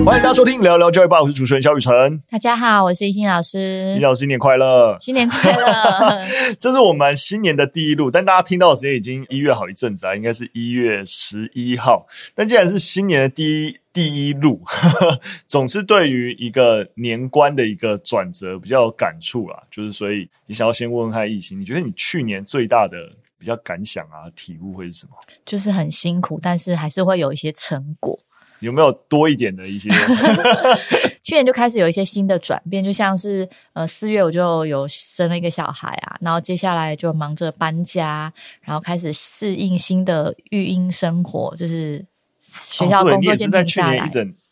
歡迎大家收聽《聊聊教育吧》，我是主持人肖雨晨。大家好，我是易興老師。易老師，新年快樂！新年快樂！ 這是我們新年的第一路，但大家聽到的時間已經一月好一陣子啊，應該是一月十一號。但既然是新年的第一第一路呵呵，總是對於一個年關的一個轉折比較有感觸啊。就是所以，你想要先問一下易興，你覺得你去年最大的比較感想啊、體悟會是什麼？就是很辛苦，但是還是會有一些成果。有沒有多一點的一些？ 去年就開始有一些新的轉變， 就像是呃四月我就有生了一個小孩啊，然後接下來就忙着搬家，然後開始適應新的育嬰生活，就是學校工作先停下來，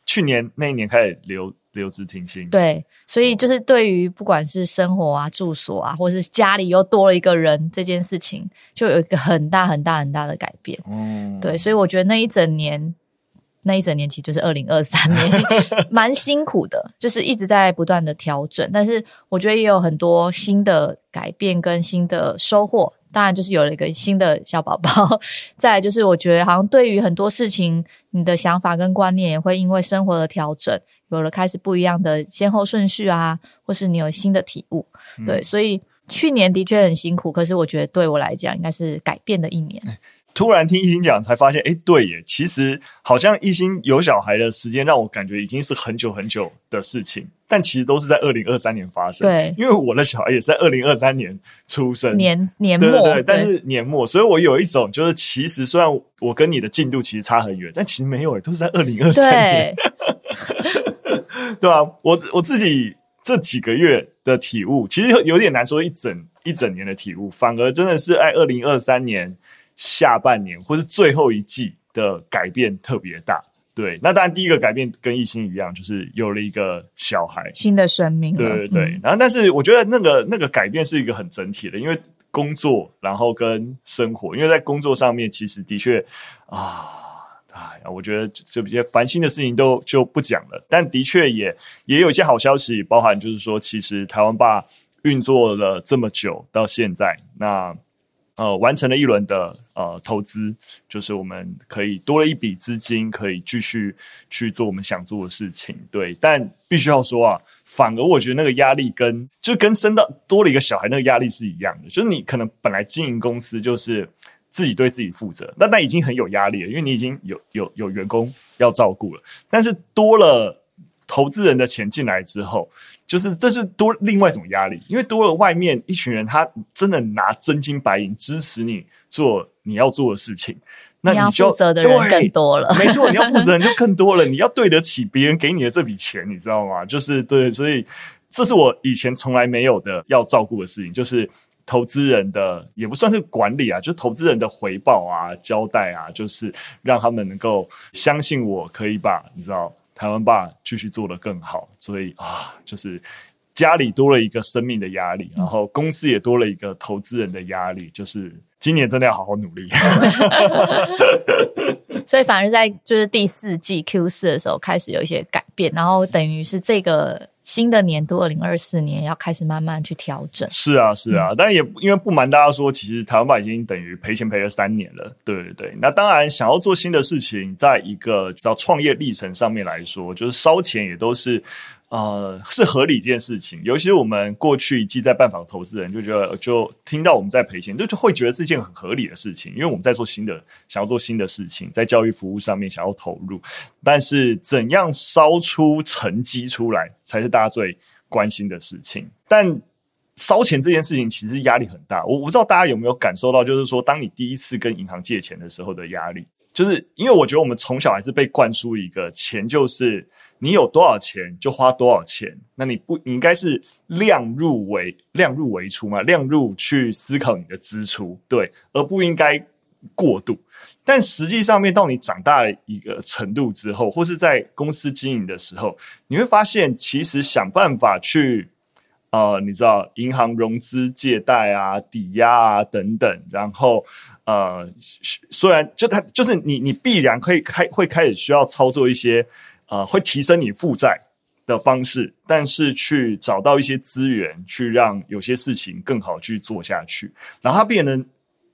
去年那一年開始留留職停薪，對，所以就是對於不管是生活啊、住所啊，或者是家裡又多了一個人這件事情，就有一個很大很大很大的改變。嗯，對，所以我覺得那一整年。那一整年其實就是二零二三年，蠻辛苦的，就是一直在不斷的調整。但是我覺得也有很多新的改變跟新的收穫。當然就是有了一個新的小寶寶。再來就是我覺得，好像對於很多事情，你的想法跟觀念也會因為生活的調整，有了開始不一樣的先後順序啊，或是你有新的體悟。嗯、對，所以去年的確很辛苦，可是我覺得對我來講，應該是改變的一年。突然聽一心講，才發現，誒，對耶，其實好像一心有小孩的時間，讓我感覺已經是很久很久的事情，但其實都是在二零二三年發生。對，因為我的小孩也是在二零二三年出生，年年末，對對，對，對但是年末，所以我有一種就是，其實雖然我跟你的進度其實差很遠，但其實沒有耶，都是在二零二三年。對， 對啊，我我自己這幾個月的體悟，其實有點難說一整一整年的體悟，反而真的是在二零二三年。下半年或是最後一季的改變特別大，對，那當然第一個改變跟藝興一樣，就是有了一個小孩，新的生命。對對，對，嗯，然後但是我覺得那個那個改變是一個很整體的，因為工作然後跟生活，因為在工作上面其實的確啊，哎呀，我覺得就比較煩心的事情都就不講了，但的確也也有一些好消息，包含就是說，其實台灣爸運作了這麼久到現在，那。呃，完成了一輪的呃投資，就是我們可以多了一筆資金，可以繼續去做我們想做的事情。對，但必須要說啊，反而我覺得那個壓力跟就跟生到多了一個小孩那個壓力是一樣的。就是你可能本來經營公司就是自己對自己負責，那那已經很有壓力了，因為你已經有有有員工要照顧了，但是多了。投資人的錢進來之後，就是這就是多另外一種壓力，因為多了外面一群人，他真的拿真金白銀支持你做你要做的事情，那你就要，你要負責的人更多了，沒錯，你要負責人就更多了， 你要對得起別人給你的這筆錢，你知道嗎？就是對，所以這是我以前從來沒有的要照顧的事情，就是投資人的，也不算是管理啊，就是投資人的回報啊、交代啊，就是讓他們能夠相信我可以吧，你知道。臺灣吧繼續做得更好，所以啊，就是家裡多了一個生命的壓力，然後公司也多了一個投資人的壓力，就是今年真的要好好努力。 所以反而在就是第四季 Q 四的時候開始有一些改變，然後等於是這個。新的年度二零二四年要開始慢慢去調整。是啊，是啊，嗯、但也因為不瞞大家說，其實臺灣吧已經等於賠錢賠了三年了，對對對。那當然想要做新的事情，在一個叫創業歷程上面來說，就是燒錢也都是。呃，是合理一件事情，尤其是我們過去一直在拜訪投資人，就覺得就聽到我們在賠錢，就就會覺得是一件很合理的事情，因為我們在做新的，想要做新的事情，在教育服務上面想要投入，但是怎樣燒出成績出來，才是大家最關心的事情。但燒錢這件事情其實壓力很大，我不知道大家有沒有感受到，就是說，當你第一次跟銀行借錢的時候的壓力。就是因為我覺得我們從小還是被灌輸一個錢，就是你有多少錢就花多少錢，那你不你應該是量入為量入為出嘛，量入去思考你的支出，對，而不應該過度。但實際上面到你長大了一個程度之後，或是在公司經營的時候，你會發現其實想辦法去啊、呃，你知道銀行融資、借貸啊、抵押啊等等，然後。呃，雖然就他就是你，你必然可以開會開始需要操作一些，呃，會提升你負債的方式，但是去找到一些資源，去讓有些事情更好去做下去，然後它變成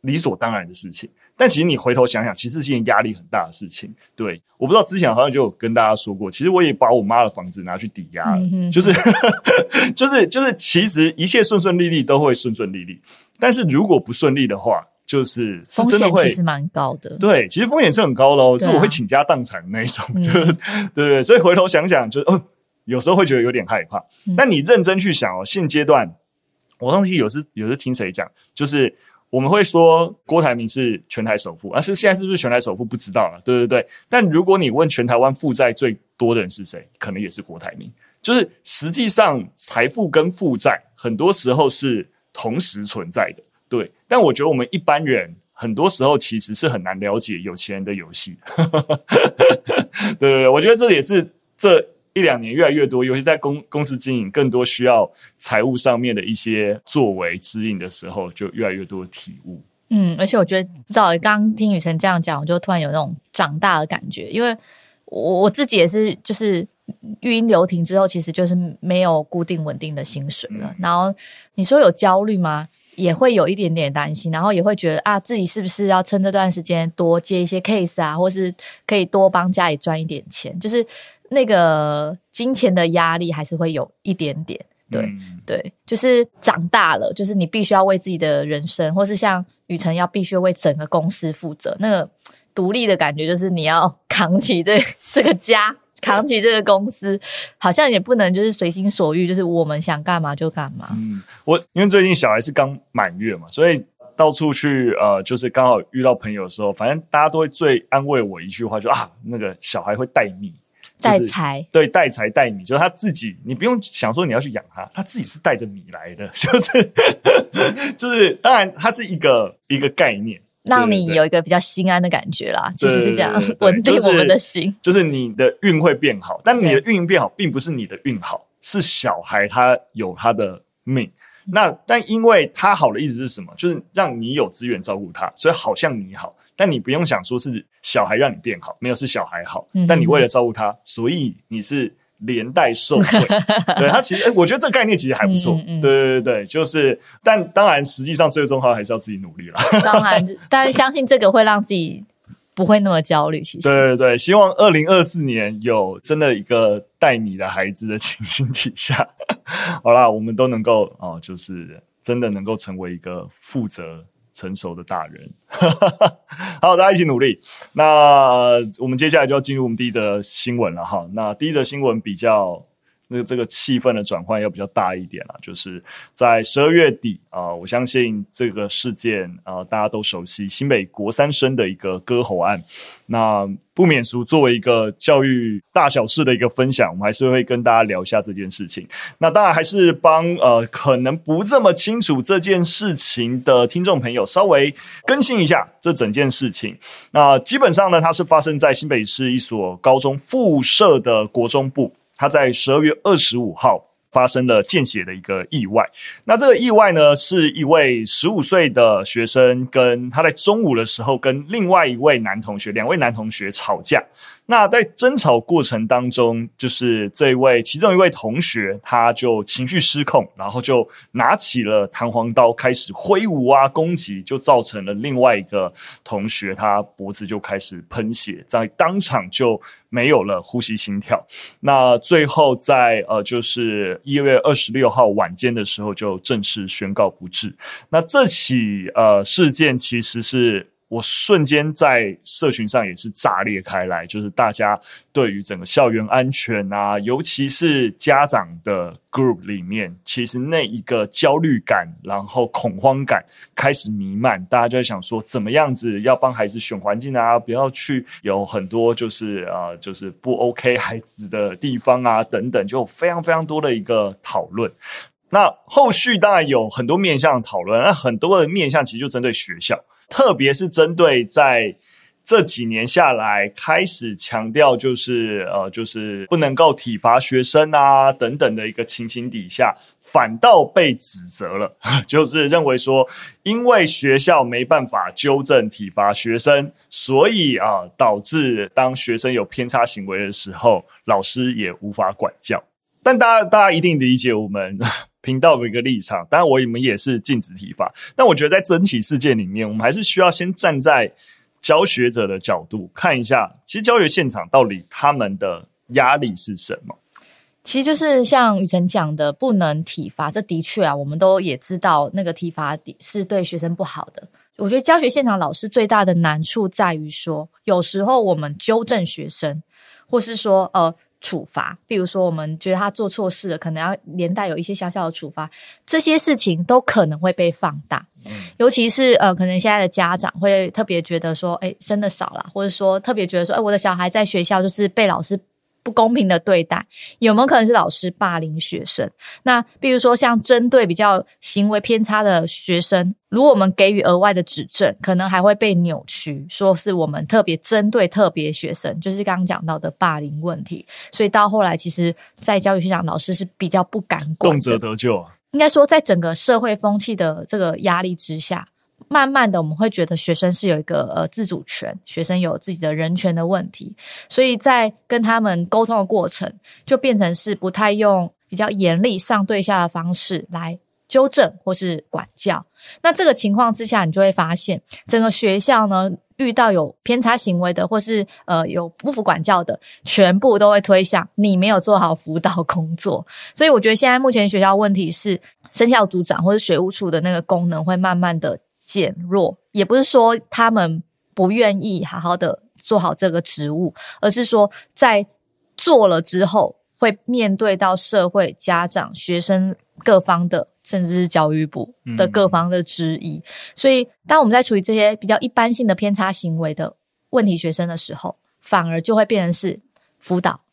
理所當然的事情。但其實你回頭想想，其實是一件壓力很大的事情。對，我不知道之前好像就有跟大家說過，其實我也把我媽的房子拿去抵押了，就是就是就是， 就是就是、其實一切順順利利都會順順利利，但是如果不順利的話。就是，是風險其實蠻高的，對，其實風險是很高咯，哦、啊、是我會傾家蕩產的那一種，嗯、就是，對對對，所以回頭想想，就哦，有時候會覺得有點害怕。那、嗯、你認真去想哦，現階段，我東西有時有時聽誰講，就是，嗯、我們會說郭台銘是全台首富，啊，是現在是不是全台首富不知道了，對對對。但如果你問全台灣負債最多的人是誰，可能也是郭台銘。就是實際上財富跟負債很多時候是同時存在的。對，但我覺得我們一般人很多時候其實是很難了解有錢人的遊戲的。 對對對，我覺得這也是這一兩年越來越多，尤其在公公司經營更多需要財務上面的一些作為指引的時候，就越來越多的體悟。嗯，而且我覺得不知道，剛聽雨晨這樣講，我就突然有那種長大的感覺，因為我我自己也是，就是育嬰留停之後，其實就是沒有固定穩定的薪水了。嗯、然後你說有焦慮嗎？也會有一點點擔心，然後也會覺得啊，自己是不是要趁這段時間多接一些 case 啊，或是可以多幫家裡賺一點錢，就是那個金錢的壓力還是會有一點點。對、嗯、對，就是長大了，就是你必須要為自己的人生，或是像雨辰要必須為整個公司負責，那個獨立的感覺，就是你要扛起這這個家。扛起這個公司，好像也不能就是隨心所欲，就是我們想幹嘛就幹嘛。嗯，我因為最近小孩是剛滿月嘛，所以到處去呃，就是剛好遇到朋友的時候，反正大家都會最安慰我一句話，就啊，那個小孩會帶米帶財，就是、帶財。對，帶財帶米，就是他自己，你不用想說你要去養他，他自己是帶着米來的，就是、嗯、 就是，當然他是一個一個概念。讓你有一個比較心安的感覺啦，對對對對，其實是這樣，穩。對對對，穩定我們的心。就是你的運會變好，但你的運變好，對，並不是你的運好，是小孩他有他的命。那但因為他好的意思是什麼？就是讓你有資源照顧他，所以好像你好，但你不用想說是小孩讓你變好，沒有，是小孩好，但你為了照顧他，所以你是。連帶受惠， 對他其實、欸，我覺得這個概念其實還不錯。嗯嗯對對對就是，但當然，實際上最重要還是要自己努力了。當然， 但是相信這個會讓自己不會那麼焦慮。其實，對對對，希望二零二四年有真的一個帶你的孩子的情形底下，好啦，我們都能夠哦、呃，就是真的能夠成為一個負責。成熟的大人， 好，大家一起努力。那我們接下來就要進入我們第一則新聞了哈。那第一則新聞比較，個這個氣氛的轉換要比較大一點了，啊，就是在十二月底啊，呃，我相信這個事件啊，呃，大家都熟悉新北國三生的一個割喉案。那不免俗作為一個教育大小事的一個分享，我們還是會跟大家聊一下這件事情。那當然還是幫呃可能不這麼清楚這件事情的聽眾朋友稍微更新一下這整件事情。那基本上呢，它是發生在新北市一所高中附設的國中部。他在十二月二十五號發生了見血的一個意外。那這個意外呢，是一位十五歲的學生跟，跟他在中午的時候跟另外一位男同學，兩位男同學吵架。那在爭吵過程當中，就是這一位其中一位同學，他就情緒失控，然後就拿起了彈簧刀開始揮舞啊，攻擊，就造成了另外一個同學他脖子就開始噴血，在當場就沒有了呼吸心跳。那最後在呃就是一月二十六號晚間的時候，就正式宣告不治。那這起呃事件其實是。我瞬間在社群上也是炸裂開來，就是大家對於整個校園安全啊，尤其是家長的 group 裡面，其實那一個焦慮感，然後恐慌感開始彌漫，大家就在想說，怎麼樣子要幫孩子選環境啊，不要去有很多就是啊、呃，就是不 OK 孩子的地方啊，等等，就非常非常多的一個討論。那後續當然有很多面向的討論，那很多的面向其實就針對學校。特別是針對在這幾年下來開始強調，就是呃，就是不能夠體罰學生啊等等的一個情形底下，反倒被指責了， 就是認為說，因為學校沒辦法糾正體罰學生，所以啊，導致當學生有偏差行為的時候，老師也無法管教。但大家，大家一定理解我們。 頻道的一個立場，當然我們也是禁止體罰，但我覺得在真實世界裡面，我們還是需要先站在教學者的角度看一下，其實教學現場到底他們的壓力是什麼？其實就是像雨辰講的，不能體罰，這的確啊，我們都也知道那個體罰的是對學生不好的。我覺得教學現場老師最大的難處在於說，有時候我們糾正學生，或是說呃。處罰，比如說我們覺得他做錯事了，可能要連帶有一些小小的處罰，這些事情都可能會被放大。嗯，尤其是呃，可能現在的家長會特別覺得說，哎、欸，生的少了，或者說特別覺得說，哎、欸，我的小孩在學校就是被老師。不公平的對待，有沒有可能是老師霸凌學生？那比如說像針對比較行為偏差的學生，如果我們給予額外的指正，可能還會被扭曲，說是我們特別針對特別學生，就是剛剛講到的霸凌問題。所以到後來，其實，在教育學上，老師是比較不敢管。動輒得咎啊！應該說，在整個社會風氣的這個壓力之下。慢慢的，我們會覺得學生是有一個呃自主權，學生有自己的人權的問題，所以在跟他們溝通的過程，就變成是不太用比較嚴厲上對下的方式來糾正或是管教。那這個情況之下，你就會發現整個學校呢，遇到有偏差行為的，或是呃有不服管教的，全部都會推向你沒有做好輔導工作。所以我覺得現在目前學校問題是，生教組長或是學務處的那個功能會慢慢的。減弱，也不是說他們不願意好好的做好這個職務，而是說在做了之後，會面對到社會、家長、學生各方的，甚至是教育部的各方的質疑。嗯、所以，當我們在處理這些比較一般性的偏差行為的問題學生的時候，反而就會變成是輔導。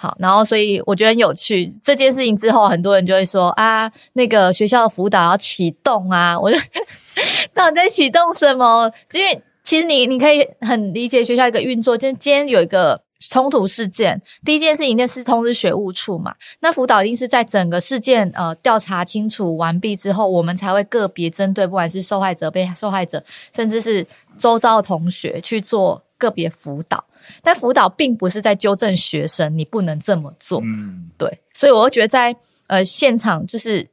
好，然後所以我覺得很有趣這件事情之後，很多人就會說啊，那個學校的輔導要啟動啊。我就 到底在啟動什麼？因為其實你你可以很理解學校一個運作。就今天有一個衝突事件，第一件事情那是通知學務處嘛。那輔導一定是在整個事件呃調查清楚完畢之後，我們才會個別針對，不管是受害者被受害者，甚至是周遭的同學去做個別輔導。但輔導並不是在糾正學生，你不能這麼做。嗯，對，所以我都覺得在呃現場就是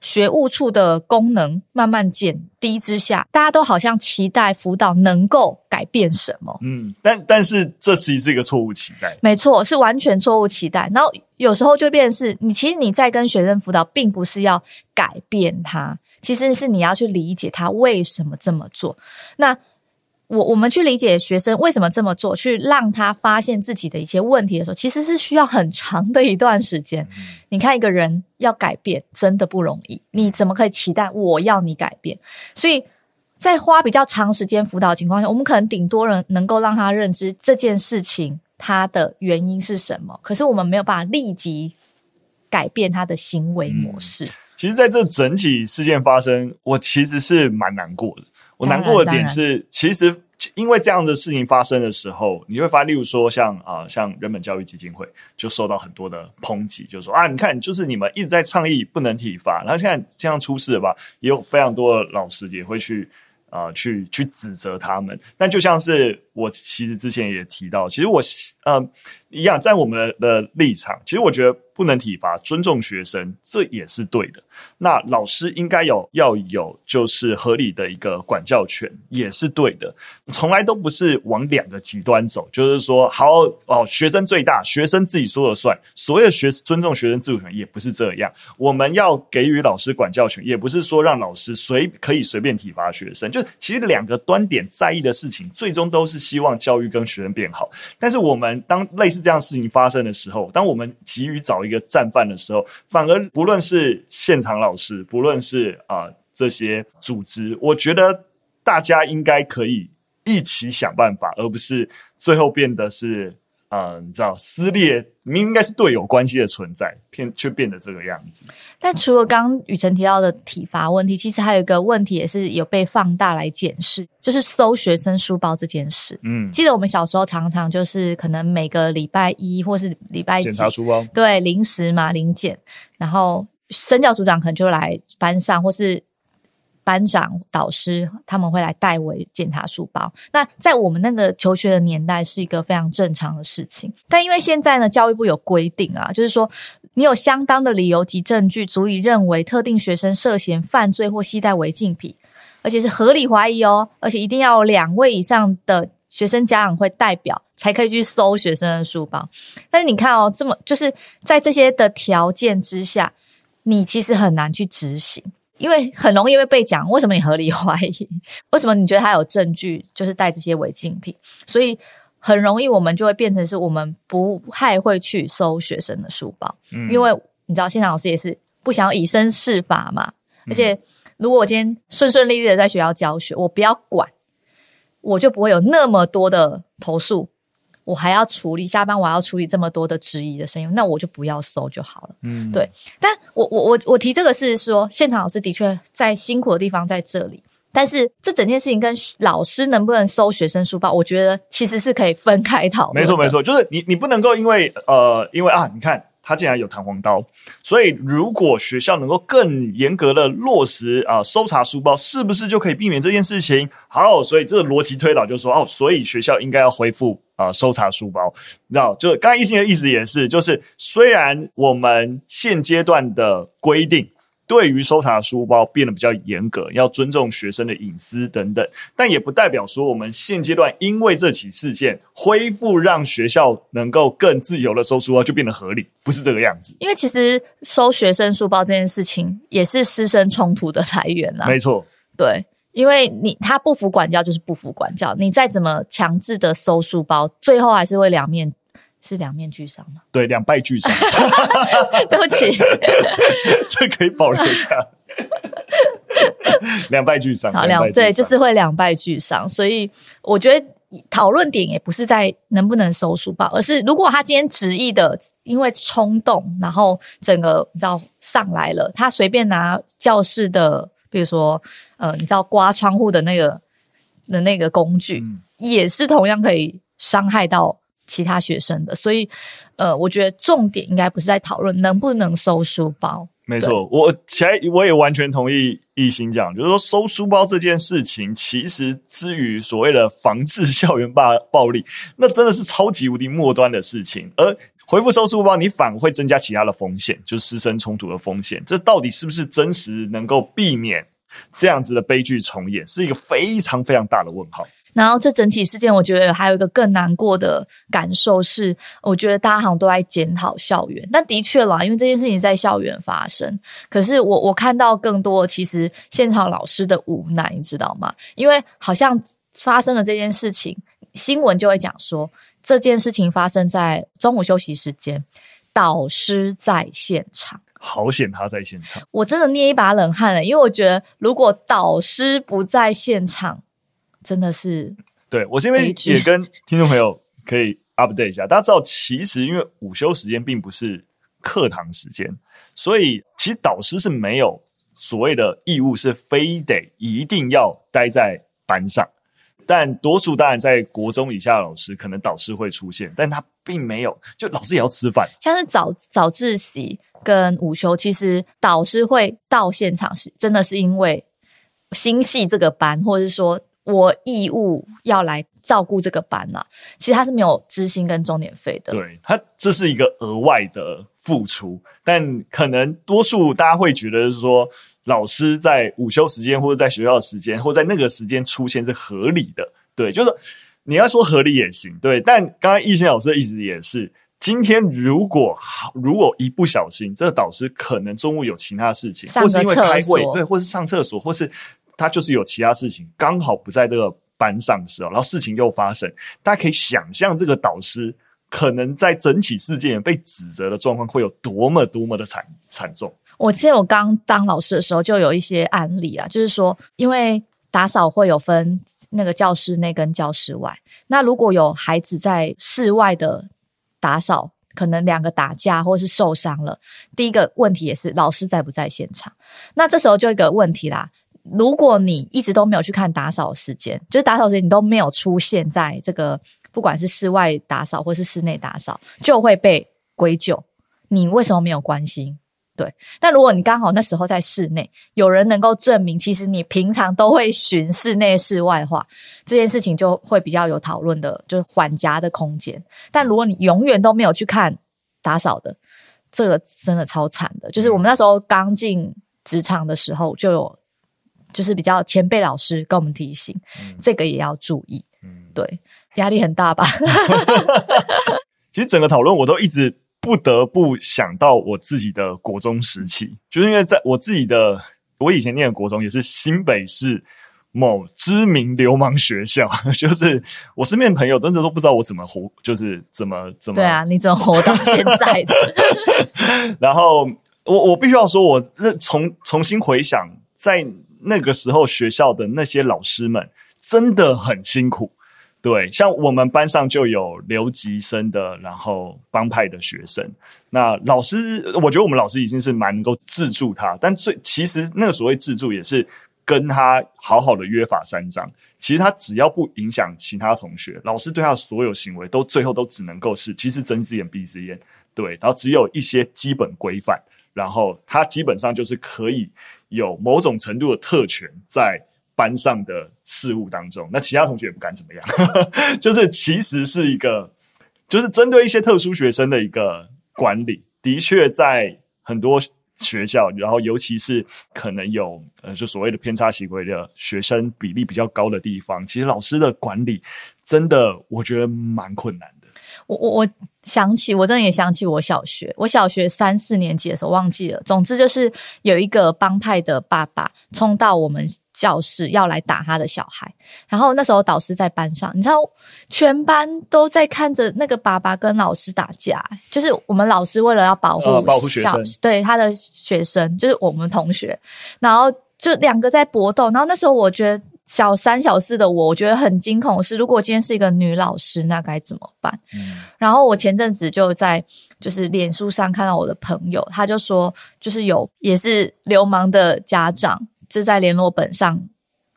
學務處的功能慢慢減低之下，大家都好像期待輔導能夠改變什麼。嗯，但但是這其實是一個錯誤期待，沒錯，是完全錯誤期待。然後有時候就變成是你其實你在跟學生輔導，並不是要改變他，其實是你要去理解他為什麼這麼做。那。我我們去理解學生為什麼這麼做，去讓他發現自己的一些問題的時候，其實是需要很長的一段時間。嗯，你看，一個人要改變真的不容易，你怎麼可以期待我要你改變？所以在花比較長時間輔導情況下，我們可能頂多人能夠讓他認知這件事情他的原因是什麼，可是我們沒有辦法立即改變他的行為模式。嗯，其實，在這整體事件發生，我其實是蠻難過的。難過的點是，其實因為這樣的事情發生的時候，你會發現，例如說像啊、呃，像人本教育基金會就受到很多的抨擊，就說啊，你看，就是你們一直在倡議不能體罰，然後現在這樣出事了吧，也有非常多的老師也會去啊、呃，去去指責他們，但就像是。我其實之前也提到，其實我嗯一樣，在我們的立場，其實我覺得不能體罰，尊重學生這也是對的。那老師應該有要有就是合理的一個管教權，也是對的。從來都不是往兩個極端走，就是說好哦，學生最大，學生自己說了算，所有學尊重學生自主權也不是這樣。我們要給予老師管教權，也不是說讓老師隨可以隨便體罰學生。就其實兩個端點在意的事情，最終都是。希望教育跟學生變好，但是我們當類似這樣的事情發生的時候，當我們急於找一個戰犯的時候，反而不論是現場老師，不論是啊、呃、這些組織，我覺得大家應該可以一起想辦法，而不是最後變得是。嗯、呃，你知道撕裂，明明應該是隊友關係的存在，偏卻變得這個樣子。但除了剛雨晨提到的體罰問題，其實還有一個問題也是有被放大來檢視，就是搜學生書包這件事。嗯，記得我們小時候常常就是可能每個禮拜一或是禮拜一檢查書包，對，臨時嘛，臨檢，然後生教組長可能就來班上或是。班長、導師他們會來代為檢查書包。那在我們那個求學的年代，是一個非常正常的事情。但因為現在呢，教育部有規定啊，就是說你有相當的理由及證據，足以認為特定學生涉嫌犯罪或攜帶違禁品，而且是合理懷疑哦，而且一定要有兩位以上的學生家長會代表才可以去搜學生的書包。但是你看哦，這麼就是在這些的條件之下，你其實很難去執行。因為很容易會被講，為什麼你合理懷疑？為什麼你覺得他有證據？就是帶這些違禁品，所以很容易我們就會變成是我們不太會去搜學生的書包，嗯、因為你知道現場老師也是不想以身試法嘛。嗯、而且如果我今天順順利利的在學校教學，我不要管，我就不會有那麼多的投訴。我還要處理下班，我還要處理這麼多的質疑的聲音，那我就不要搜就好了。嗯，對。但我我我我提這個是說，現場老師的確在辛苦的地方在這裡，但是這整件事情跟老師能不能搜學生書包，我覺得其實是可以分開討論。沒錯沒錯，就是你你不能夠因為呃，因為啊，你看。他竟然有彈簧刀，所以如果學校能夠更嚴格的落實啊、呃、搜查書包，是不是就可以避免這件事情？好，所以這個邏輯推導就說，哦，所以學校應該要恢復啊、呃、搜查書包，知道？那，就剛才易信的意思也是，就是雖然我們現階段的規定。對於搜查的書包變得比較嚴格，要尊重學生的隱私等等，但也不代表說我們現階段因為這起事件恢復讓學校能夠更自由的搜書包就變得合理，不是這個樣子。因為其實搜學生書包這件事情也是師生衝突的來源啊，沒錯。對，因為你他不服管教就是不服管教，你再怎麼強制的搜書包，最後還是會兩面。是兩面俱傷嗎？對，兩敗俱傷。 對不起， 這可以保留一下。兩 敗俱傷好，兩對兩就是會兩敗俱傷，所以我覺得討論點也不是在能不能收書包，而是如果他今天執意的因為衝動，然後整個你知道上來了，他隨便拿教室的，比如說呃，你知道刮窗戶的那個的那個工具，嗯、也是同樣可以傷害到其他學生的，所以，呃，我覺得重點應該不是在討論能不能收書包。沒錯錯，對我其實我也完全同意一心講，就是說收書包這件事情，其實之於所謂的防治校園霸暴力，那真的是超級無敵末端的事情。而恢復收書包，你反而會增加其他的風險，就是師生衝突的風險。這到底是不是真實能夠避免這樣子的悲劇重演，是一個非常非常大的問號。然後這整體事件，我覺得還有一個更難過的感受是，我覺得大家好像都在檢討校園，但的確啦，因為這件事情在校園發生。可是我我看到更多其實現場老師的無奈，你知道嗎？因為好像發生了這件事情，新聞就會講說，這件事情發生在中午休息時間，導師在現場，好險他在現場，我真的捏一把冷汗了，因為我覺得如果導師不在現場。真的是對，對，我這邊也跟聽眾朋友可以 update 一下， 大家知道，其實因為午休時間並不是課堂時間，所以其實導師是沒有所謂的義務，是非得一定要待在班上。但多數當然在國中以下的老師，可能導師會出現，但他並沒有，就老師也要吃飯。像是早早自習跟午休，其實導師會到現場是，是真的是因為心繫這個班，或者是說。我義務要來照顧這個班啦、啊。其實他是沒有支薪跟鐘點費的，對他這是一個額外的付出，但可能多數大家會覺得是說老師在午休時間或者在學校的時間或在那個時間出現是合理的，對，就是你要說合理也行，對，但剛剛易先老師的意思也是，今天如果好，如果一不小心，這個導師可能中午有其他事情，或是因為開會，對，或是上廁所，或是。他就是有其他事情，剛好不在這個班上的時候，然後事情又發生。大家可以想象，這個導師可能在整起事件被指責的狀況會有多麼多麼的慘慘重。我記得我剛當老師的時候，就有一些案例啊，就是說因為打掃會有分那個教室內跟教室外，那如果有孩子在室外的打掃，可能兩個打架或是受傷了，第一個問題也是老師在不在現場？那這時候就一個問題啦。如果你一直都沒有去看打掃的時間，就是打掃的時間你都沒有出現在這個，不管是室外打掃或是室內打掃，就會被歸咎。你為什麼沒有關心？對。但如果你剛好那時候在室內，有人能夠證明其實你平常都會巡室內室外化，這件事情就會比較有討論的，就是緩頰的空間。但如果你永遠都沒有去看打掃的，這個真的超慘的。就是我們那時候剛進職場的時候就有。就是比較前輩老師跟我們提醒，嗯、這個也要注意。嗯，對，壓力很大吧？ 其實整個討論我都一直不得不想到我自己的國中時期，就是因為在我自己的我以前念的國中也是新北市某知名流氓學校，就是我身邊的朋友真的都不知道我怎麼活，就是怎麼怎麼對啊？你怎麼活到現在的？ 然後我我必須要說我從，我認重重新回想在。那個時候，學校的那些老師們真的很辛苦。對，像我們班上就有留級生的，然後幫派的學生。那老師，我覺得我們老師已經是蠻能夠制住他，但最其實那個所謂自助也是跟他好好的約法三章。其實他只要不影響其他同學，老師對他所有行為都最後都只能夠是其實睜隻眼閉隻眼，對。然後只有一些基本規範，然後他基本上就是可以。有某種程度的特權在班上的事務當中，那其他同學也不敢怎麼樣，呵呵，就是其實是一個，就是針對一些特殊學生的一個管理，的確在很多學校，然後尤其是可能有呃就所謂的偏差行為的學生比例比較高的地方，其實老師的管理真的我覺得蠻困難的。我我我想起，我真的也想起我小學，我小學三四年級的時候忘記了。總之就是有一個幫派的爸爸衝到我們教室要來打他的小孩，然後那時候導師在班上，你知道全班都在看着那個爸爸跟老師打架，就是我們老師為了要保護校、呃、保護學生，對，他的學生，就是我們同學，然後就兩個在搏鬥，然後那時候我覺得。小三小四的我，我覺得很驚恐。是如果今天是一個女老師，那該怎麼辦？嗯。然後我前陣子就在就是臉書上看到我的朋友，他就說，就是有也是流氓的家長，就在聯絡本上。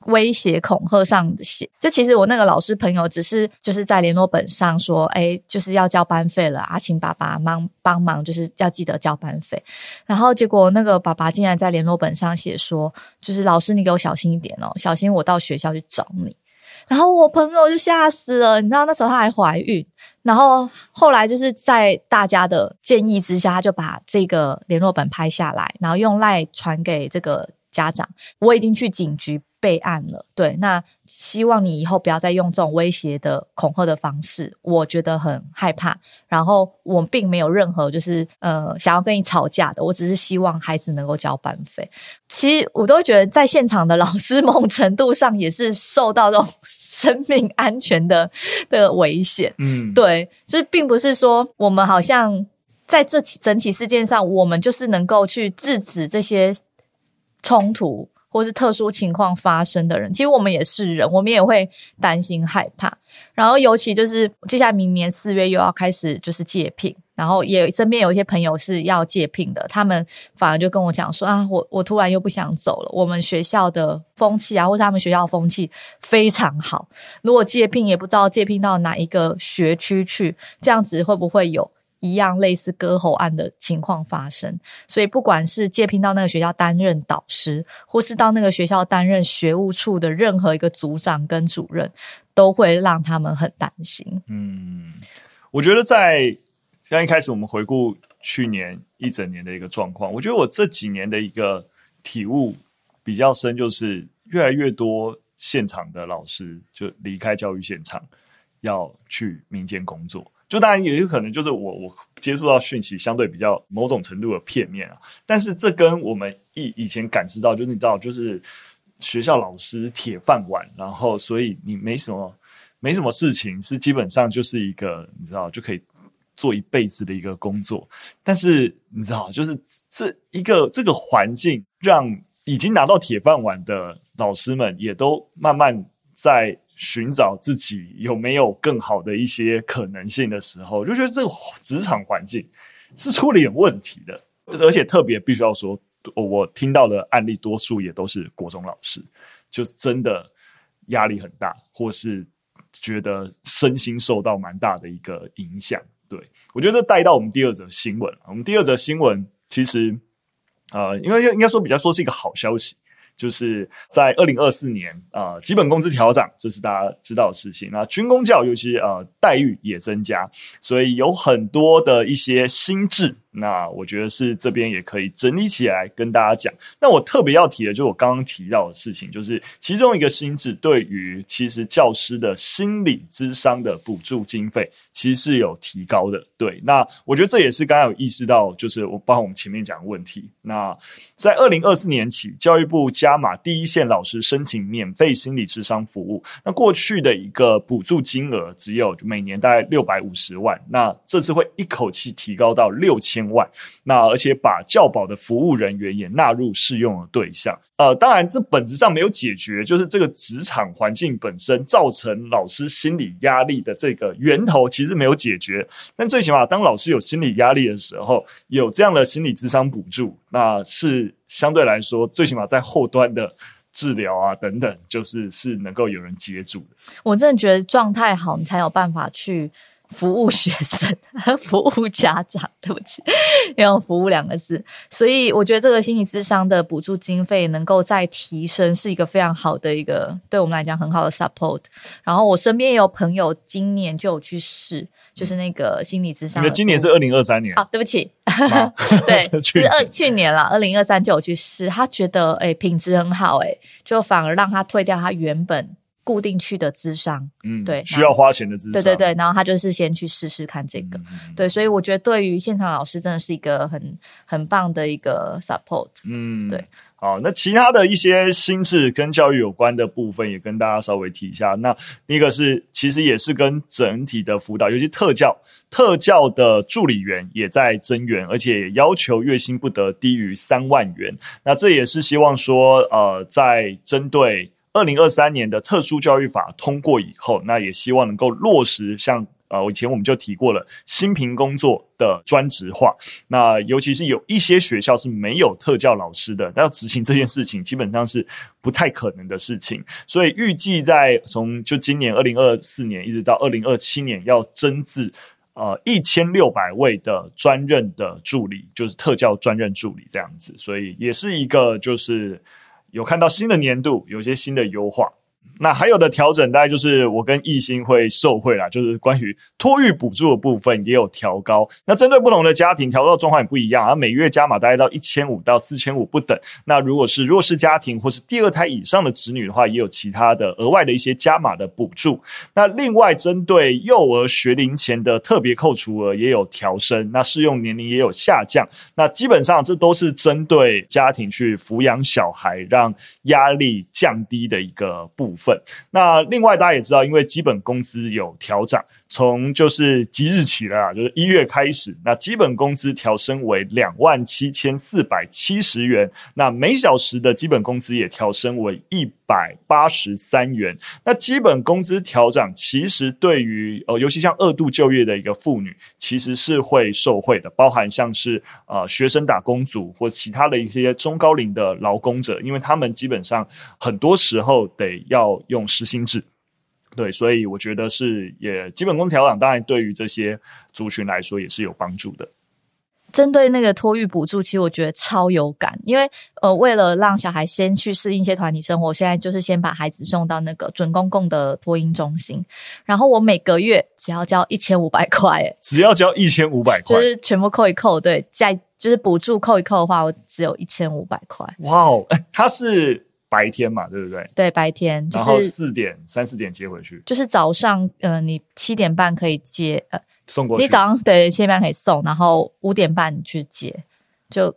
威脅恐嚇上的寫，就其實我那個老師朋友只是就是在聯絡本上說，誒、哎、就是要交班費了，啊請爸爸幫幫忙，就是要記得交班費。然後結果那個爸爸竟然在聯絡本上寫說，就是老師你給我小心一點哦，小心我到學校去找你。然後我朋友就嚇死了，你知道那時候她還懷孕。然後後來就是在大家的建議之下，就把這個聯絡本拍下來，然後用 LINE 傳給這個。家長，我已經去警局備案了。對，那希望你以後不要再用這種威脅的、恐嚇的方式，我覺得很害怕。然後我並沒有任何就是呃想要跟你吵架的，我只是希望孩子能夠交班費。其實我都會覺得，在現場的老師某程度上也是受到這種生命安全的的危險。嗯，對，就是並不是說我們好像在這起整體事件上，我們就是能夠去制止這些。衝突或是特殊情況發生的人，其實我們也是人，我們也會擔心害怕。然後，尤其就是接下來明年四月又要開始就是介聘，然後也身邊有一些朋友是要介聘的，他們反而就跟我講說啊，我我突然又不想走了。我們學校的風氣啊，或是他們學校的風氣非常好，如果介聘也不知道介聘到哪一個學區去，這樣子會不會有？一樣類似割喉案的情況發生，所以不管是借聘到那個學校擔任導師，或是到那個學校擔任學務處的任何一個組長跟主任，都會讓他們很擔心。嗯，我覺得在剛一開始我們回顧去年一整年的一個狀況，我覺得我這幾年的一個體悟比較深，就是越來越多現場的老師就離開教育現場，要去民間工作。就當然也有可能，就是我我接觸到訊息相對比較某種程度的片面啊，但是這跟我們以以前感知到，就是你知道，就是學校老師鐵飯碗，然後所以你沒什麼沒什麼事情，是基本上就是一個你知道就可以做一輩子的一個工作。但是你知道，就是這一個這個環境，讓已經拿到鐵飯碗的老師們也都慢慢在尋找自己有沒有更好的一些可能性的時候，就覺得這個職場環境是出了點問題的，而且特別必須要說，我聽到的案例多數也都是國中老師，就真的壓力很大，或是覺得身心受到蠻大的一個影響。對，我覺得這帶到我們第二則新聞，我們第二則新聞其實啊，呃，應該應該說比較說是一個好消息。就是在二零二四年啊，呃，基本工資調漲，這是大家知道的事情。那軍公教，尤其呃，待遇也增加，所以有很多的一些新制。那我覺得是這邊也可以整理起來跟大家講。那我特別要提的，就是我剛剛提到的事情，就是其中一個新制對於其實教師的心理諮商的補助經費其實是有提高的。對，那我覺得這也是剛剛有意識到，就是我包括我們前面講的問題。那在二零二四年起，教育部加碼第一線老師申請免費心理諮商服務。那過去的一個補助金額只有每年大概六百五十萬，那這次會一口氣提高到六千。另外，那而且把教保的服務人員也納入適用的對象。呃，當然，這本質上沒有解決，就是這個職場環境本身造成老師心理壓力的這個源頭其實沒有解決。但最起碼，當老師有心理壓力的時候，有這樣的心理諮商補助，那是相對來說最起碼在後端的治療啊等等，就是是能夠有人接住。我真的覺得狀態好，你才有辦法去。服務學生，服務家長，對不起，要用“服務”兩個字。所以我覺得這個心理諮商的補助經費能夠再提升，是一個非常好的一個對我們來講很好的 support。然後我身邊也有朋友今年就有去試，就是那個心理諮商的。你的今年是二零二三年？好、啊，對不起，嗎 對， 年是二去年了，二零二三就有去試，他覺得誒、欸、品質很好、欸，誒就反而讓他退掉他原本。固定去的諮商，嗯，對，需要花錢的諮商，對對對，然後他就是先去試試看這個，嗯、對，所以我覺得對於現場老師真的是一個很很棒的一個 support，嗯，對，好，那其他的一些新制跟教育有關的部分也跟大家稍微提一下，那一個是其實也是跟整體的輔導，尤其特教特教的助理員也在增援，而且也要求月薪不得低於三萬元，那這也是希望說呃在針對。二零二三年的特殊教育法通過以後，那也希望能夠落實像呃，以前我們就提過了心評工作的專職化。那尤其是有一些學校是沒有特教老師的，那要執行這件事情，基本上是不太可能的事情。所以預計在從就今年二零二四年一直到二零二七年要，要增置呃一千六百位的專任的助理，就是特教專任助理這樣子。所以也是一個就是。有看到新的年度，有些新的優化。那還有的調整，大概就是我跟藝興會受惠啦，就是關於托育補助的部分也有調高。那針對不同的家庭，調高的狀況也不一樣，啊，每月加碼大概到一千五到四千五不等。那如果是弱勢家庭或是第二胎以上的子女的話，也有其他的額外的一些加碼的補助。那另外，針對幼兒學齡前的特別扣除額也有調升，那適用年齡也有下降。那基本上，這都是針對家庭去撫養小孩，讓壓力降低的一個部分。那另外，大家也知道，因為基本工資有調漲。從就是即日起啊，就是一月開始，那基本工資調升為兩萬七千四百七十元，那每小時的基本工資也調升為一百八十三元。那基本工資調整其實對於呃，尤其像二度就業的一個婦女，其實是會受惠的，包含像是呃學生打工族或其他的一些中高齡的勞工者，因為他們基本上很多時候得要用時薪制。對，所以我覺得是也基本工資調漲，當然對於這些族群來說也是有幫助的。針對那個托育補助，其實我覺得超有感，因為呃，為了讓小孩先去適應一些團體生活，現在就是先把孩子送到那個準公共的托嬰中心，然後我每個月只要交一千五百塊、欸，只要交一千五百塊，就是全部扣一扣，對，在就是補助扣一扣的話，我只有一千五百塊。哇哦，他是。白天嘛，對不對？對，白天，然後四點、三四、就是、點接回去，就是早上，嗯、呃，你七點半可以接，呃，送過去。你早上對七點半可以送，然後五點半去接，就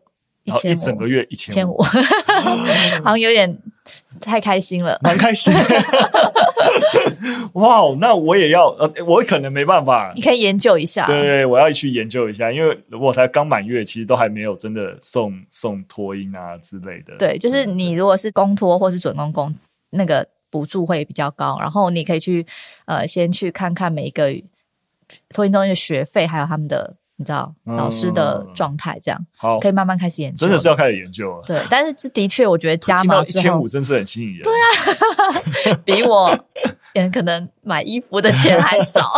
一千五。一整個月一千五，1, 好像有點太開心了。蠻開心。 哇， wow, 那我也要，呃，我可能沒辦法。你可以研究一下。對，對，對，我要去研究一下，因為我才剛滿月，其實都還沒有真的送送托嬰啊之類的。對，就是你如果是公托或是準公公，嗯、那個補助會比較高，然後你可以去，呃，先去看看每一個托嬰中心的學費，還有他們的你知道老師的狀態，這樣好、嗯、可以慢慢開始研究。真的是要開始研究啊。對，但是這的確我覺得加碼一千五真是很吸引人。對啊，比我。 有人可能買衣服的錢還少。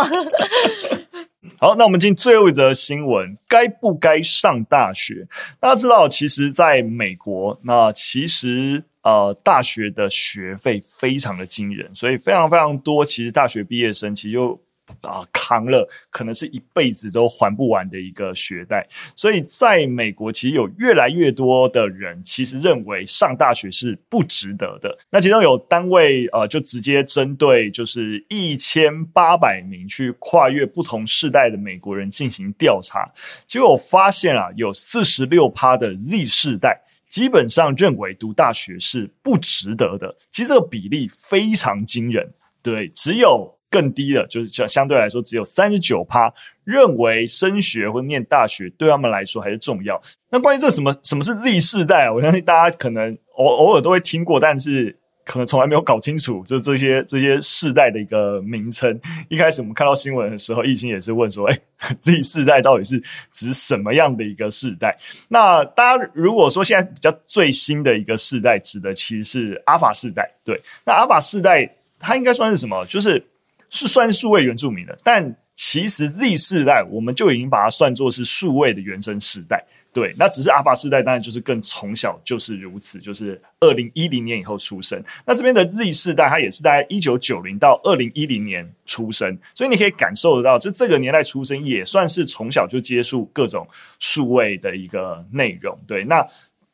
好，那我們進最後一則新聞：該不該上大學？大家知道，其實在美國，那其實呃大學的學費非常的驚人，所以非常非常多，其實大學畢業生其實又。啊，扛了可能是一輩子都還不完的一個學貸，所以在美國，其實有越來越多的人其實認為上大學是不值得的。那其中有單位呃、啊，就直接針對就是一千八百名去跨越不同世代的美國人進行調查，結果我發現啊有46，有四十六趴的 Z 世代基本上認為讀大學是不值得的。其實這個比例非常驚人，對，只有。更低的，就是相相對來說只有三十九趴，認為升學或念大學對他們來說還是重要。那關於這什麼什麼是 Z 世代啊？我相信大家可能偶偶爾都會聽過，但是可能從來沒有搞清楚，就是這些這些世代的一個名稱。一開始我們看到新聞的時候，易經也是問說：“哎、欸，Z 世代到底是指什麼樣的一個世代？”那大家如果說現在比較最新的一個世代，指的其實是阿法世代。對，那阿法世代它應該算是什麼？就是。是算數位原住民的，但其實 Z 世代我們就已經把它算作是數位的原生世代。對，那只是 Alpha 世代，當然就是更從小就是如此，就是二零一零年以後出生。那這邊的 Z 世代，它也是在一九九零到二零一零年出生，所以你可以感受得到，就這個年代出生，也算是從小就接觸各種數位的一個內容。對，那。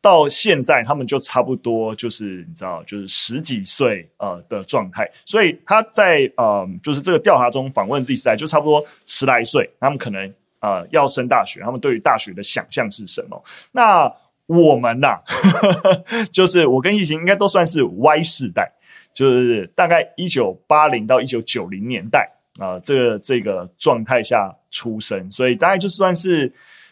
到現在，他們就差不多就是你知道，就是十幾歲呃的狀態。所以他在呃，就是這個調查中訪問自己時代，就差不多十來歲。他們可能呃要升大學，他們對於大學的想象是什麼？那我們呢、啊， 就是我跟易行應該都算是 Y 世代，就是大概一九八零到一九九零年代啊、呃，這個這個狀態下出生，所以大概就算是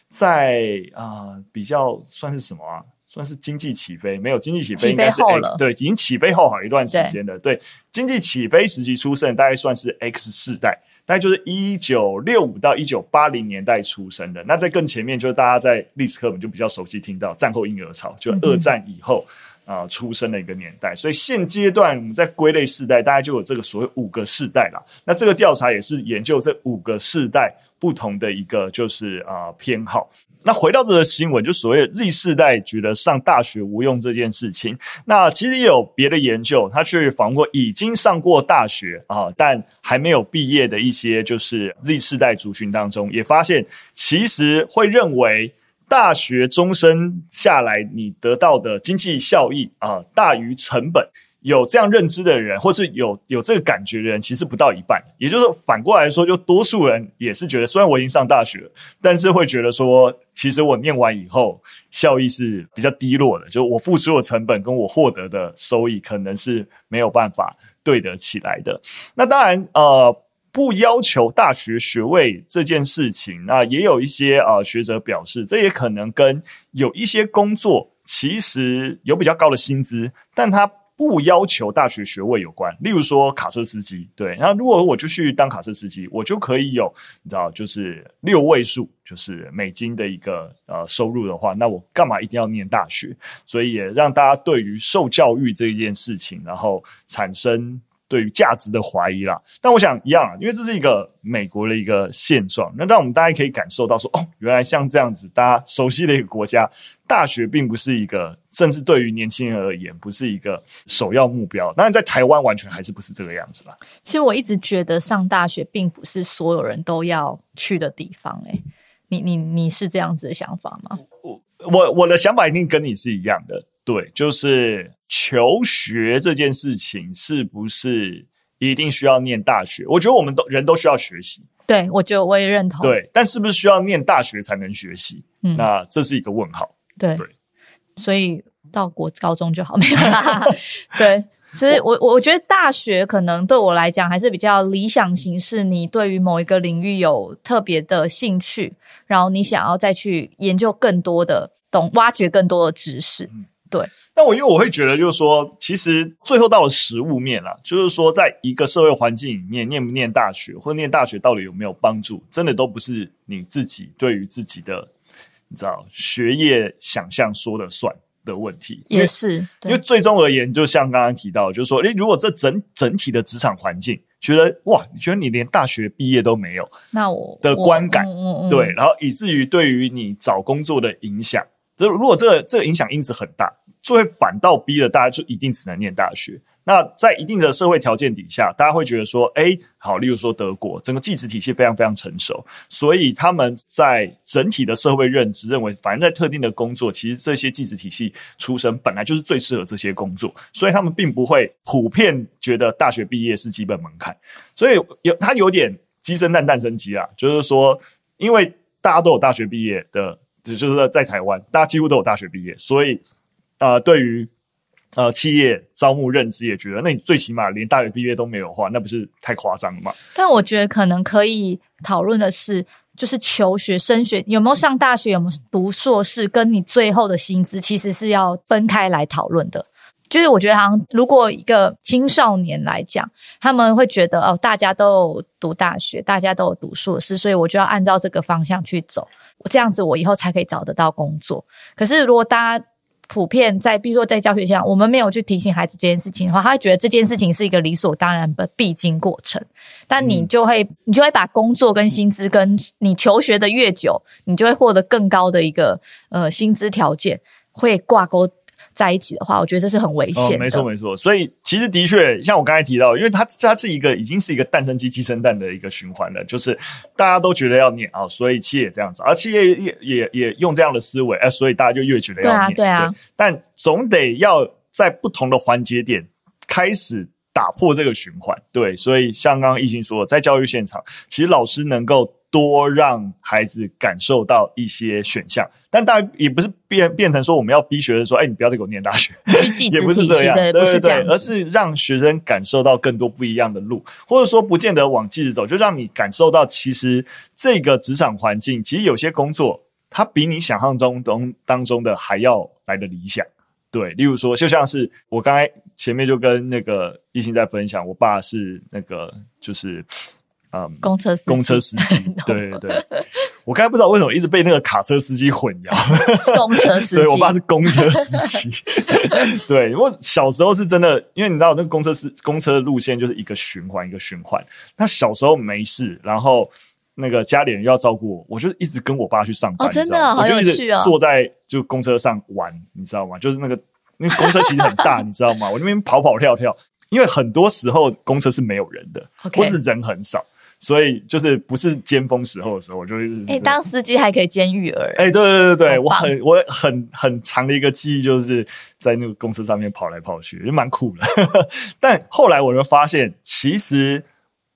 在啊、呃、比較算是什麼啊？算是經濟起飛，沒有經濟起飛，應該是 X，對，已經起飛後好一段時間了。對，對，經濟起飛時期出生，大概算是 X 世代，大概就是一九六五到一九八零年代出生的。那在更前面，就是大家在歷史課本就比較熟悉聽到戰後嬰兒潮，就二戰以後。嗯啊、呃，出生的一個年代，所以現階段我們在歸類世代，大家就有這個所謂五個世代了。那這個調查也是研究這五個世代不同的一個就是啊、呃、偏好。那回到這個新聞，就所謂 Z 世代覺得上大學無用這件事情，那其實也有別的研究，他去訪問過已經上過大學啊、呃，但還沒有畢業的一些就是 Z 世代族群當中，也發現其實會認為。大學終身下來，你得到的經濟效益啊、呃，大於成本。有這樣認知的人，或是有有這個感覺的人，其實不到一半。也就是說，反過來說，就多數人也是覺得，雖然我已經上大學了，但是會覺得說，其實我念完以後，效益是比較低落的。就我付出的成本，跟我獲得的收益，可能是沒有辦法對得起來的。那當然，呃。不要求大學學位這件事情，那也有一些啊、呃、學者表示，這也可能跟有一些工作其實有比較高的薪資，但他不要求大學學位有關。例如說卡車司機，對，那如果我就去當卡車司機，我就可以有你知道，就是六位數，就是美金的一個呃收入的話，那我幹嘛一定要念大學？所以也讓大家對於受教育這件事情，然後產生。對於價值的懷疑啦，但我想一樣啊，因為這是一個美國的一個現狀，那讓我們大家可以感受到說，哦，原來像這樣子大家熟悉的一個國家，大學並不是一個，甚至對於年輕人而言，不是一個首要目標。當然，在台灣完全還是不是這個樣子啦。其實我一直覺得上大學並不是所有人都要去的地方，欸，誒。你你你是這樣子的想法嗎？我我我的想法一定跟你是一樣的。對，就是求學這件事情是不是一定需要念大學？我覺得我們都人都需要學習。對，我覺得我也認同。對，但是不是需要念大學才能學習？嗯，那這是一個問號。對，對，所以到國高中就好沒有啦。 對，其實我我覺得大學可能對我來講還是比較理想形式。你對於某一個領域有特別的興趣，然後你想要再去研究更多的懂，挖掘更多的知識。嗯對，但我因為我會覺得，就是說，其實最後到了實務面了，就是說，在一個社會環境裡面，念不念大學，或者念大學到底有沒有幫助，真的都不是你自己對於自己的，你知道，學業想象說了算的問題。也是，因為最終而言，就像剛剛提到的，就是說，誒，如果這整整體的職場環境覺得哇，你覺得你連大學畢業都沒有，那我的觀感，嗯嗯嗯、對，然後以至於對於你找工作的影響。這如果這個這個影響因子很大，就會反倒逼着大家就一定只能念大學。那在一定的社會條件底下，大家會覺得說：哎、欸，好，例如說德國，整個技職體系非常非常成熟，所以他們在整體的社會認知認為，反正在特定的工作，其實這些技職體系出身本來就是最適合這些工作，所以他們並不會普遍覺得大學畢業是基本門檻。所以有他有點雞生蛋蛋生雞啊，就是說，因為大家都有大學畢業的。就是在台灣，大家幾乎都有大學畢業，所以，呃，對於呃企業招募，認知也覺得，那你最起碼連大學畢業都沒有的話，那不是太誇張了嗎？但我覺得可能可以討論的是，就是求學、升學有沒有上大學，有沒有讀碩士，跟你最後的薪資其實是要分開來討論的。就是我覺得，好像如果一個青少年來講，他們會覺得哦，大家都有讀大學，大家都有讀碩士，所以我就要按照這個方向去走，這樣子我以後才可以找得到工作。可是如果大家普遍在，比如說在教學上，我們沒有去提醒孩子這件事情的話，他會覺得這件事情是一個理所當然的必經過程。但你就會，你就會把工作跟薪資跟你求學的越久，你就會獲得更高的一個呃薪資條件，會掛鈎。在一起的話，我覺得這是很危險的。哦。沒錯，沒錯。所以其實的確，像我剛才提到，因為它它是一個已經是一個蛋生雞雞生蛋的一個循環了，就是大家都覺得要念啊、哦，所以企業也這樣子，而、啊、企業也也也，也用這樣的思維，哎、呃，所以大家就越覺得要念，對啊，對啊對。但總得要在不同的環節點開始打破這個循環，對。所以像剛剛藝興說的，在教育現場，其實老師能夠，多讓孩子感受到一些選項，但大家也不是變變成說我們要逼學生說，哎、欸，你不要再給我念大學，也不是這樣，對對對，而是讓學生感受到更多不一樣的路，或者說不見得往技術走，就讓你感受到其實這個職場環境，其實有些工作它比你想象中當當中的還要來的理想。對，例如說，就像是我剛才前面就跟那個一心在分享，我爸是那個就是。嗯，公車司公車司機， No. 對對對，我剛才不知道為什麼一直被那個卡車司機混淆， 公車司機， 對，我爸是公車司機， 對，我小時候是真的，因為你知道我那個公車司公車的路線就是一個循環一個循環，那小時候沒事，然後那個家裡人要照顧我，我就一直跟我爸去上班，真的啊，我就一直坐在就公車上玩，你知道嗎？就是那個，因為公車其實很大， 你知道嗎？我那邊跑跑跳跳，因為很多時候公車是沒有人的，或 Okay. 是人很少。所以就是不是尖峰時候的時候，我就會。哎、欸，當司機還可以兼育兒。哎、欸，對對對對棒我很我很很長的一個記憶，就是在那個公車上面跑來跑去，也蠻酷的。 但後來我就發現，其實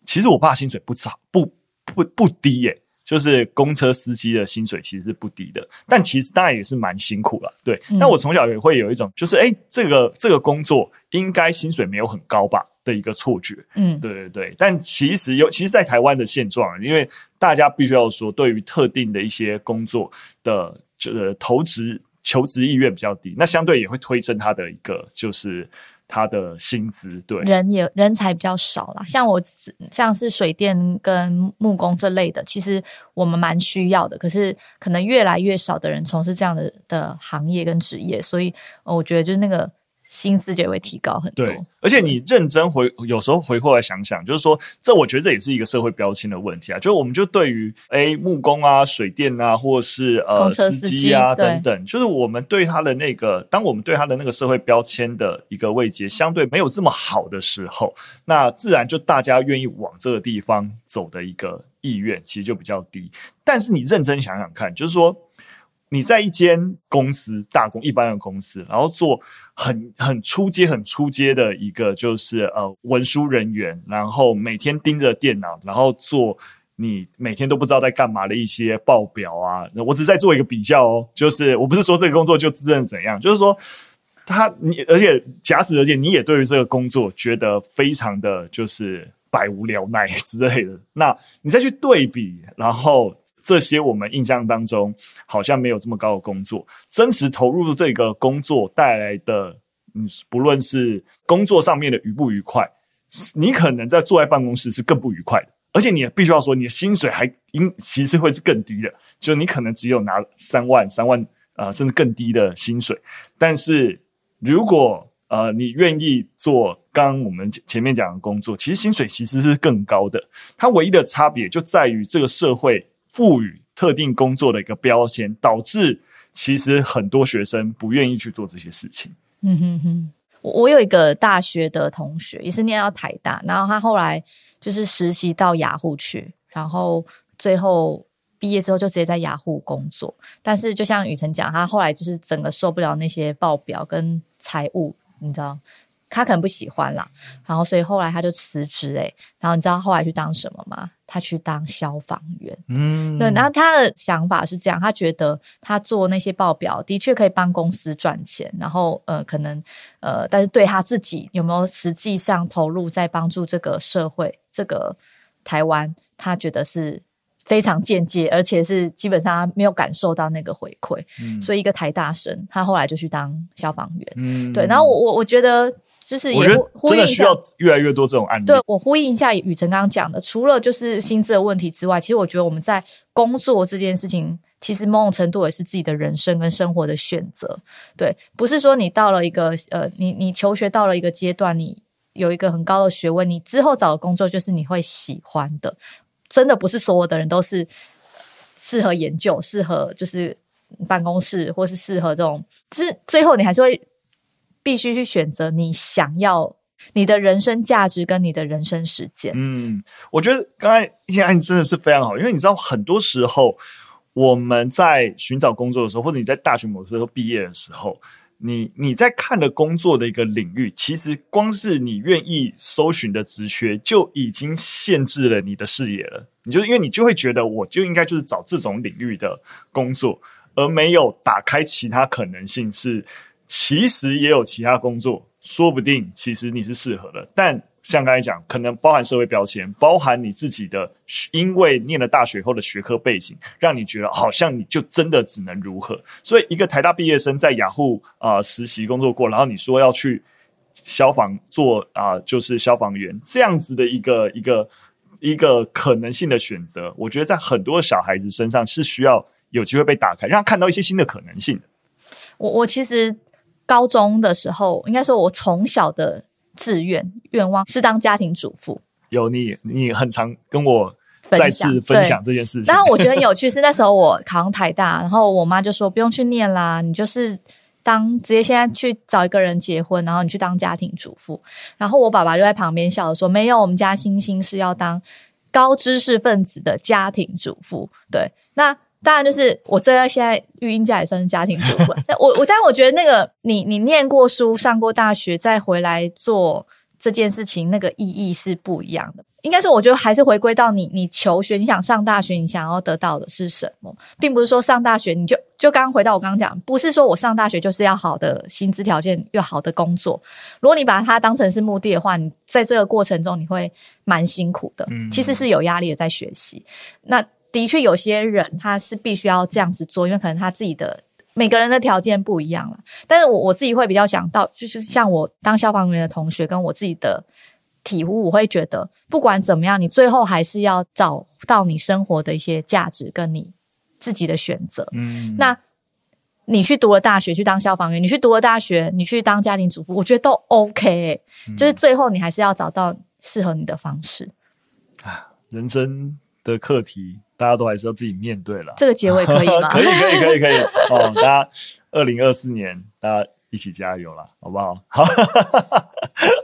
其實我爸薪水不差，不不不低耶、欸。就是公車司機的薪水其實是不低的，但其實當然也是蠻辛苦了。對，那、嗯、我從小也會有一種，就是哎、欸，這個這個工作應該薪水沒有很高吧？的一個錯覺，嗯，對對對，但其實有，其實，在台灣的現狀，因為大家必須要說，對於特定的一些工作的就是投、呃、職求職意願比較低，那相對也會推升他的一個就是他的薪資。對，人也人才比較少啦，像我像是水電跟木工這類的，其實我們蠻需要的，可是可能越來越少的人從事這樣的的行業跟職業，所以我覺得就是那個。薪資就會提高很多。對，而且你認真回，有時候回過來想想，對就是說，這我覺得這也是一個社會標籤的問題啊。就是我們就對於誒木工啊、水電啊，或是呃司機啊司機等等，就是我們對他的那個，當我們對他的那個社會標籤的一個位階相對沒有這麼好的時候，那自然就大家願意往這個地方走的一個意願其實就比較低。但是你認真想想看，就是說。你在一間公司打工，一般的公司，然後做很很初階、很初階的一個，就是呃文書人員，然後每天盯着電腦，然後做你每天都不知道在幹嘛的一些報表啊。我只是在做一個比較哦，就是我不是說這個工作就自認怎樣，就是說他你而且假使而且你也對於這個工作覺得非常的就是百無聊賴之類的，那你再去對比，然後。這些我們印象當中好像沒有這麼高的工作，真實投入這個工作帶來的，嗯，不論是工作上面的愉不愉快，你可能在坐在辦公室是更不愉快的，而且你也必須要說你的薪水還應其實會是更低的，就你可能只有拿三萬、三萬啊、呃，甚至更低的薪水。但是如果呃你願意做剛剛我們前前面講的工作，其實薪水其實是更高的，它唯一的差別就在於這個社會。賦予特定工作的一個標籤，導致其實很多學生不願意去做這些事情。嗯、哼哼我,我有一個大學的同學，也是念到台大，嗯、然後他後來就是實習到雅虎去，然後最後畢業之後就直接在雅虎工作。但是就像雨辰講，他後來就是整個受不了那些報表跟財務，你知道。他可能不喜歡啦，然後所以後來他就辭職哎、欸，然後你知道後來去當什麼嗎？他去當消防員，嗯，對。然後他的想法是這樣，他覺得他做那些報表的確可以幫公司賺錢，然後呃，可能呃，但是對他自己有沒有實際上投入在幫助這個社會，這個台灣，他覺得是非常間接，而且是基本上沒有感受到那個回饋，嗯，所以一個台大生，他後來就去當消防員，嗯，對。然後我我我覺得。就是也呼應越、越我覺得真的需要越來越多這種案例對。對，我呼應一下雨晨剛剛講的，除了就是薪資的問題之外，其實我覺得我們在工作這件事情，其實某種程度也是自己的人生跟生活的選擇。對，不是說你到了一個呃，你你求學到了一個階段，你有一個很高的學問，你之後找的工作就是你會喜歡的。真的不是所有的人都是適合研究，適合就是辦公室，或是適合這種，就是最後你還是會。必須去選擇你想要你的人生價值跟你的人生時間。嗯，我覺得剛才一些案例真的是非常好，因為你知道，很多時候我們在尋找工作的時候，或者你在大學某時候畢業的時候，你你在看的工作的一個領域，其實光是你願意搜尋的職缺就已經限制了你的視野了。你就因為你就會覺得，我就應該就是找這種領域的工作，而沒有打開其他可能性是。其實也有其他工作，說不定其實你是適合的。但像剛才講，可能包含社會標籤，包含你自己的，因為念了大學後的學科背景，讓你覺得好像你就真的只能如何。所以，一個台大畢業生在雅虎啊實習工作過，然後你說要去消防做啊，呃，就是消防員這樣子的一個一個一個可能性的選擇，我覺得在很多小孩子身上是需要有機會被打開，讓他看到一些新的可能性的。我我其實。高中的時候，應該說我從小的志願願望是當家庭主婦。有你，你很常跟我再次分享這件事情。然後我覺得很有趣是 那時候我考上台大，然後我媽就說不用去念啦，你就是當直接現在去找一個人結婚，然後你去當家庭主婦。然後我爸爸就在旁邊笑說：“沒有，我們家星星是要當高知識分子的家庭主婦。”對，那。當然，就是我雖然現在育嬰假也算是家庭主婦， 但我我，但我覺得那個你你念過書、上過大學再回來做這件事情，那個意義是不一樣的。應該說我覺得還是回歸到你你求學，你想上大學，你想要得到的是什麼，並不是說上大學你就就剛剛回到我剛剛講，不是說我上大學就是要好的薪資條件、又好的工作。如果你把它當成是目的的話，你在這個過程中你會蠻辛苦的，嗯，其實是有壓力的，在學習那。的確，有些人他是必須要這樣子做，因為可能他自己的每個人的條件不一樣了。但是我，我我自己會比較想到，就是像我當消防員的同學，跟我自己的體悟，我會覺得不管怎麼樣，你最後還是要找到你生活的一些價值，跟你自己的選擇。嗯那，那你去讀了大學，去當消防員；你去讀了大學，你去當家庭主婦，我覺得都 OK、欸。嗯、就是最後，你還是要找到適合你的方式。啊，人生。的課題，大家都還是要自己面對了。這個結尾可以嗎？ 可以，可以，可以，可以，可以，可以，可以。哦，大家，二零二四年，大家一起加油啦，好不好？好，哈哈哈。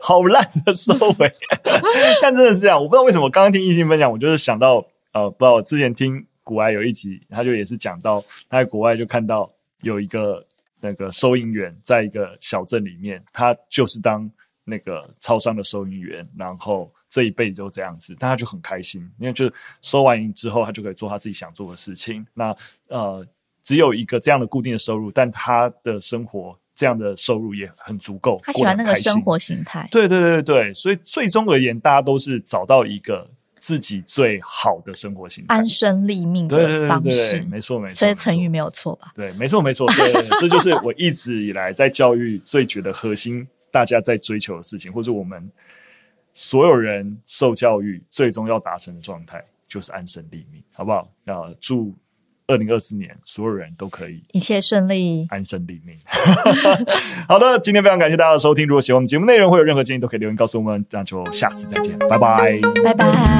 好爛的收尾， 但真的是這樣。我不知道為什麼，剛剛聽異性分享，我就是想到，呃，不知道我之前聽股癌有一集，他就也是講到他在國外就看到有一個那個收銀員，在一個小鎮裡面，他就是當那個超商的收銀員，然後。這一輩子就這樣子，但他就很開心，因為就收完銀之後，他就可以做他自己想做的事情。那呃，只有一個這樣的固定的收入，但他的生活這樣的收入也很足夠，過得很開心。他喜歡那個生活形態。對對對對對，所以最終而言，大家都是找到一個自己最好的生活形態，安身立命的方式。對對對沒錯沒錯，所以成語沒有錯吧？對，沒錯沒錯，對，這就是我一直以來在教育最覺得核心，大家在追求的事情，或者我們。所有人受教育，最終要達成的狀態就是安身立命，好不好？那祝二零二四年所有人都可以一切順利，安身立命。 好的，今天非常感謝大家的收聽。如果喜歡我們節目內容，會有任何建議都可以留言告訴我們。那就下次再見，拜拜，拜拜。